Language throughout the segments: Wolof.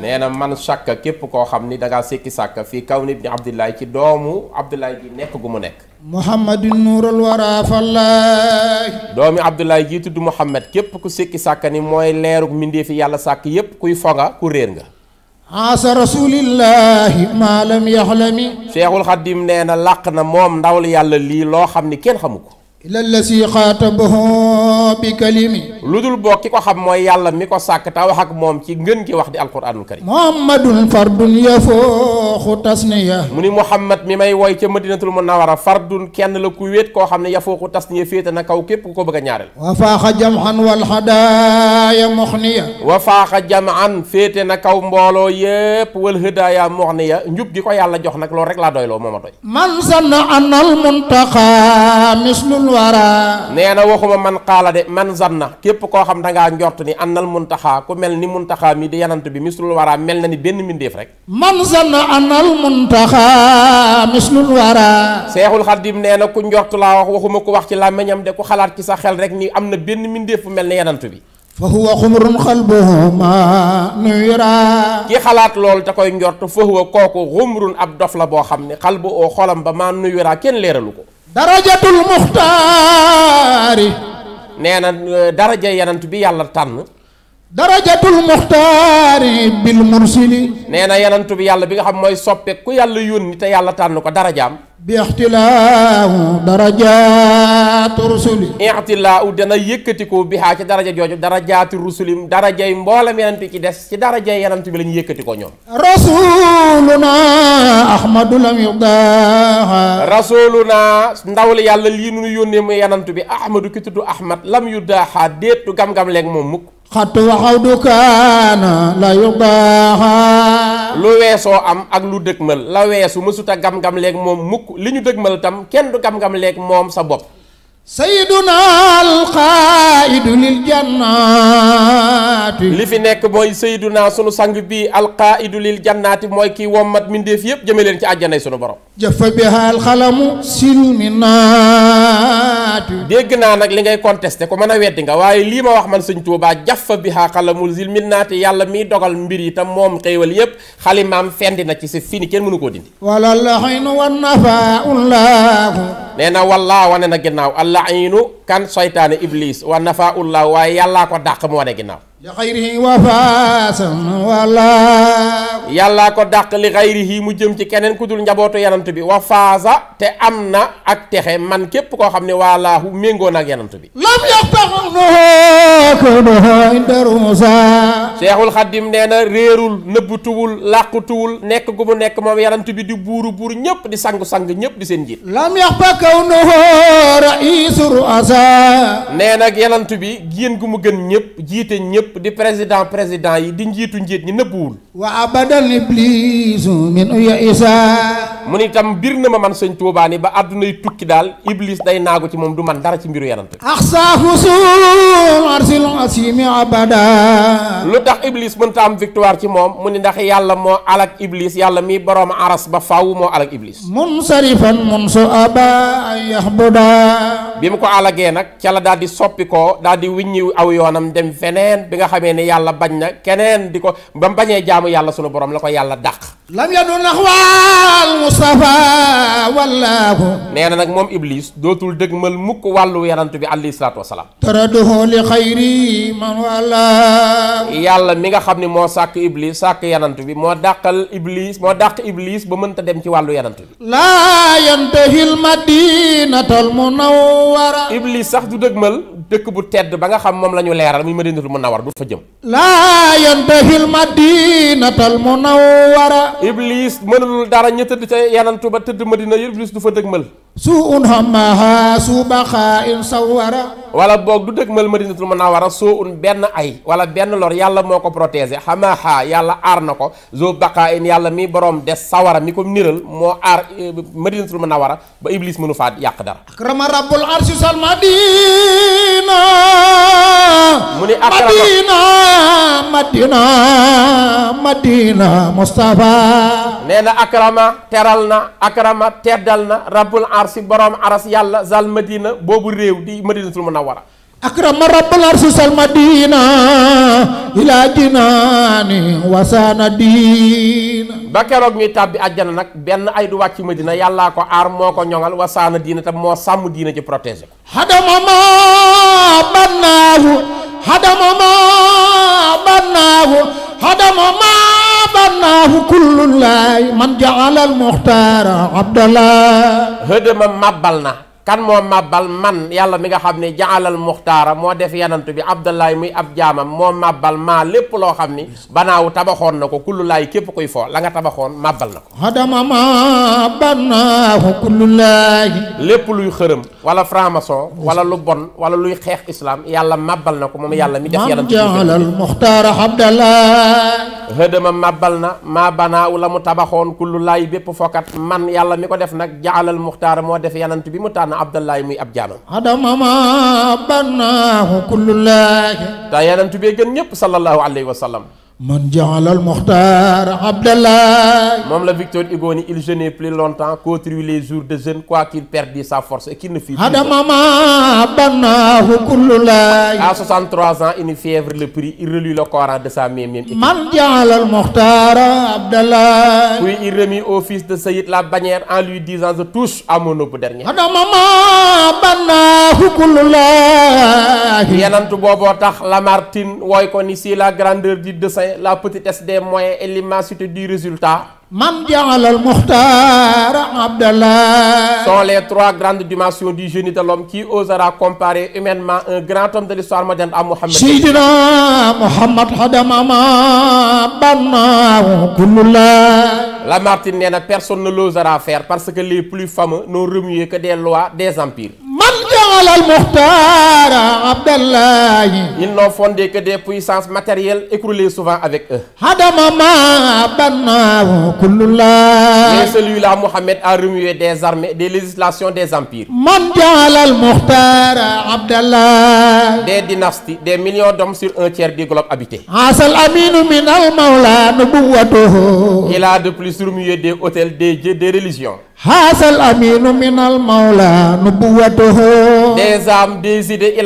nee na man shakka képp koo xam ni da ngaa sékki sàkka fii kaw nit ñi Abdullahi ci doomu Abdullahi ji nekk gu mu nekk. Muhammadun nuurul waraa fallaay. doomi Abdullahi ji tudd Muhammad képp ku sékki sàkka ni mooy leerug mbindeefi yàlla sàkk yépp kuy foga ku réer nga. asa rasulillahi ma lam yaxlami. Cheikhul Xadim nee na làq na moom ndawal yàlla lii loo xam ni kenn xamu ko. ila lasi xaatabahu bi kalimi lu dul boo ki ko xam mooy yàlla mi ko sàkk te wax ak moom ci ngën gi wax di alquranul karim muhammadun fardun yafooxu tasniya mu ni muhammad mi may woy ca madinatul munawara fardun kenn la ku wéet koo xam ne yafooxu tasniya féete na kaw képp ku ko bëgg a ñaareel wa faaxa jam'an wal hadaaya muxniya wa faaxa jam'an féete na kaw mbooloo yépp wal hadaaya muxniya njub gi ko yàlla jox nag lool rek laa doy loo mooma doy wara nee na waxuma man xaala de man zanna képp koo xam dangaa njort ni annal muntaxaa ku mel ni muntaxaa mi di yanant bi mislul wara mel na ni benn mbindéef rek man zanna annal muntaxaa mislul wara seexul xaddim nee na ku njort laa wax waxuma ku wax ci làmmiñam de ku xalaat ci sa xel rek ni am na benn mbindéef bu mel ni yanant bi fa huwa xumrun xalbuhuma nuyra ki xalaat loolu te koy njort fa huwa kooku xumrun ab dof la boo xam ne xalbu oo xolam ba maa nuyra kenn leeralu ko darajatul muxtaari nee na euh, daraja yanant bi yàlla tànn darajatul muxtaari bil mursili nee na yanant bi yàlla bi nga xam mooy soppe ku yàlla yónni te yàlla tànn ko darajaam bixtilaahu darajaatu rusuli ixtilaahu dana yëkkatikoo bi xaa ci daraja jooju darajaati rusulim darajay mboolem yenant ci des ci darajay yenant bi lañu ñu yëkkatikoo ñoom rasuluna ahmadu lam yudaaxa rasuluna ndaw la yàlla lii nu yónnee mu yenant bi ahmadu ki tudd ahmad lam yu déet du gam-gam leeg moom mukk xattu waxaw du kaana la yudaaxa lu weesoo am ak lu dëgmal la weesu mësuta gam-gam leeg moom mukk li ñu dëgmal tam kenn du gam-gam leeg moom sa bopp sayyiduna alqaa'idu lil jannaati li fi nekk mooy sayyiduna sunu sang bi alqaa'idu lil jannaati mooy kii wommat mbindeef yëpp jëme leen ci àjjanay sunu borom. jëfa biha alxalamu silminaati. dégg naa nag li ngay contesté ko mën a weddi nga waaye lii ma wax man sëñ Tuubaa bi biha xalamu silminaati yàlla miy dogal mbir yi te moom xéewal yëpp xalimaam fendi na ci sa fini kenn mënu koo dindi. wala la xaynu nafaa ullahu. nee na wallaa wane na ginnaaw laayinu kan soytaane iblis wa nafaullah waaye yàllaa ko dàq mu wane ginnaaw li xayrihi wa faasam wala yàllaa ko dàq li xayrihi mu jëm ci keneen ku dul njabootu yanant bi wa faasa te am na ak texe man képp koo xam ne waalaahu méngoo na ak yanant bi lam yaqtaxu no ko no indaru musa seexul xaddim nee na réerul nëbbutuwul làqutuwul nekk gu mu nekk moom yarantu bi di buuru buur ñëpp di sangu-sang ñëpp di seen njiit lam yax ba kaw no raisu ruasa nee nag yarantu bi génn gu mu gën ñëpp jiite ñëpp di président président yi di njiitu njiit ñi nëbbuwul wa abadan iblisu min ya isa mu ni itam bir na ma man sëñ Tuubaa ni ba àddunay tukki daal iblis day naagu ci moom du man dara ci mbiru yanante lu tax iblis mënta am victoire ci moom mu ni ndax yàlla moo alak iblis yàlla mii boroom aras ba faw moo alak iblis munsarifan munsu aba yahbuda bi mu ko alagee nag ca la daal di soppi koo daal di wiññi aw yoonam dem feneen bi nga xamee ne yàlla bañ na keneen di ko ba mu bañee jaamu yàlla sunu borom la ko yàlla dàq lam yadu naxwaal mustafa wallaahu nee na nag moom iblis dootul dëgg dëgmal mukk wàllu yarantu bi alayhi salaatu wasalaam taraduhu li xayri man wallaahu yàlla mi nga xam ne moo sàkk iblis sàkk yarantu bi moo dàqal iblis moo dàq iblis ba mënta dem ci wàllu yarantu bi laa yantahil madinatal munawwara iblis sax du dëgmal dëkk bu tedd ba nga xam moom la ñu leeral muy madinatul munawwara du fa jëm laa yantahil madinatal munawwara iblis mënul dara ña tëdd ca yanantu ba tëdd ma madina iblis du fa dëgmal suu un xamaha su baxa in sawara wala boog du dëgmal madinatul munawara soo benn ay wala benn lor yàlla moo ko protégé xamaha yàlla aar na ko zo baxa in yàlla mi borom des sawara mi ko niral moo aar eh, madinatul munawara ba iblis mënu faa yàq dara akrama rabbul arsi madina mu akrama madina madina madina mustafa arsi borom aras yàlla zal madina boobu réew di madinatul munawwara akrama rabbal arsi sal madina ilaa jinaani wasaana diina ba keroog ñuy tàbbi àjjana nag benn ay du wàcc madina yàllaa ko aar moo ko ñoŋal wasaana diina te moo sàmm diina ci protéger ko hadama ma bannaahu hadama ma bannaahu hadama ma الله كل الله من جعل المختار عبد الله هدم مبلنا kan moo màbbal man yàlla mi nga xam ne jaalal muxtaara moo def yanantu bi abdullahi muy ab jaamam moo màbbal maa lépp loo xam ni banaawu tabaxoon na ko kullu képp koy foo la nga tabaxoon màbbal na ko adama ma banaahu kullu lépp luy xërëm wala franc-maçon wala lu bon wala luy xeex islaam yàlla màbbal na ko moom yàlla mi def yanantu jaalal màbbal na maa banaawu la mu tabaxoon kullu bépp fokat man yàlla mi ko def nag jaalal muxtaara moo def bi mu tànn abdallahi muy ab jaamam adamama bannahu kullullahi te yonent bi gën ñëpp sallallahu alayhi wa sallam man jaalal Mokhtar Abdallah. moom la Victor Hugo ni il jeûnait plus longtemps qu'autrui les jours de jeûne quoi qu'il perdît sa force et qu'il ne fît plus. Adamama bannaahu kullu ans une fièvre le prit il relut le Coran de sa main même. man jaalal Mokhtar Abdallah. puis il remit au fils de Saïd la bannière en lui disant je touche à mon aube dernier. Ibrahim booboo tax Lamartine wooy ko ni si la grandeur du dessein la petitesse des moyens et l'immensité du résultat mam jàngalal Muxtaar Abdallah sont les trois grandes dimensions du génie de l'homme qui osera comparer humainement un grand homme de l'histoire moderne à Muhammad Seydina Muhammad hadamama bannaahu kullullah Lamartine nee na personne ne l'osera faire parce que les plus fameux n'ont remué que des lois des empires al Muxtaar Abdallahi. Ils n'ont fondé que des puissances matérielles écroulées souvent avec eux. Mais celui-là, Mohammed a remué des armées, des législations, des empires. Des dynasties, de millions d'hommes sur un tiers du globe habité. Il a de plus remué des hôtels, des dieux, des Hasal aminu minal maula nubuwatuhu. Des âmes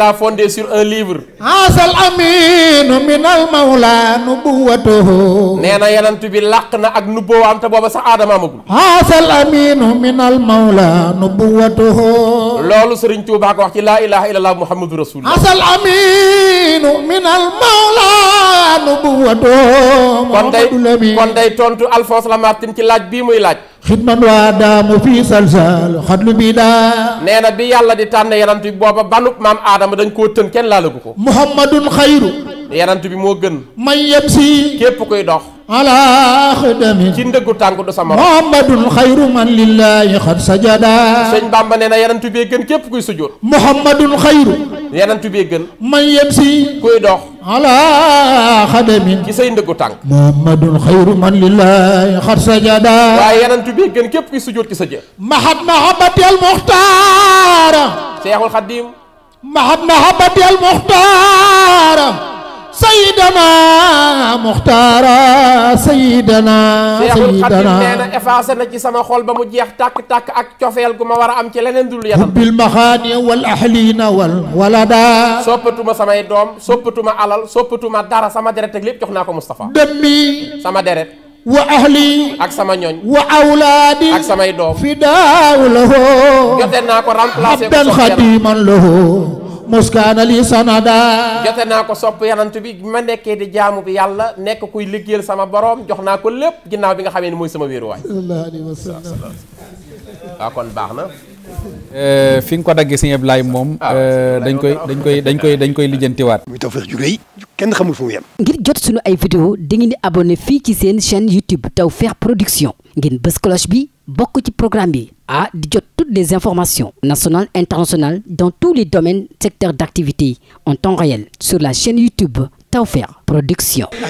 a fondé sur un livre. Hasal aminu minal bi làq na ak nubuwaam te booba sax aadama amagul. Hasal aminu loolu Serigne Touba wax ci laa illah illallah muhammadu rasulullah. Hasal tontu Alphonse Lamartine ci laaj bi muy laaj. xidman waa daamu fii salsal xadlu bi daa nee na bi yàlla di tànn yenant bi booba banub maam aadama dañ koo tën kenn laalagu ko muhammadun xayru yenant bi moo gën may yem si képp kuy dox ala xadami ci ndëggu tànk du sama muhammadun man lillahi xad sajada sëñ bàmba na yanantu bee gën képp kuy sujjóot muhammadun man yem si kuy dox ala xadamin ci say ndëggu tànk muhammadun xayru man lillahi xad sajada waaye yanantu bee gën képp kuy sujjóot ci sa jë mahat mahabati mahat mahabati al muxtaara sayyidana muxtaara sayyidana seexul xadim nee na effacé na ci sama xol ba mu jeex tàkk-tàkk ak cofeel gu ma war a am ci leneen dul yatam bil maxaani wal ahliina wal walada soppatuma samay doom soppatuma alal soppatuma dara sama deret ak lépp jox naa ko Moustapha demmi sama deret wa ahli ak sama ñooñ wa awlaadi ak samay doom fi daaw lahoo jote naa ko remplacé ko xadiman lahoo muskaana li sanada jote naa ko sopp yanant bi ma nekkee di jaamu bi yàlla nekk kuy liggéeyal sama borom jox naa ko lépp ginnaaw bi nga xamee ni mooy sama wéeruwaay. waa alayhi wa kon baax na Euh, fi nga ko daggee sëñ Ablaye moom. Ah, euh, dañ koy dañ koy dañ koy dañ koy lijjantiwaat. ngir jot sunu ay vidéo dangeen di abonné fii ci seen chaîne YouTube Tawfekh Production ngeen bës bi bokk ci programme bi ah di jot toutes les informations nationales internationales dans tous les domaines secteurs d'activité en temps réel sur la chaîne YouTube Tawfekh Production. Ah,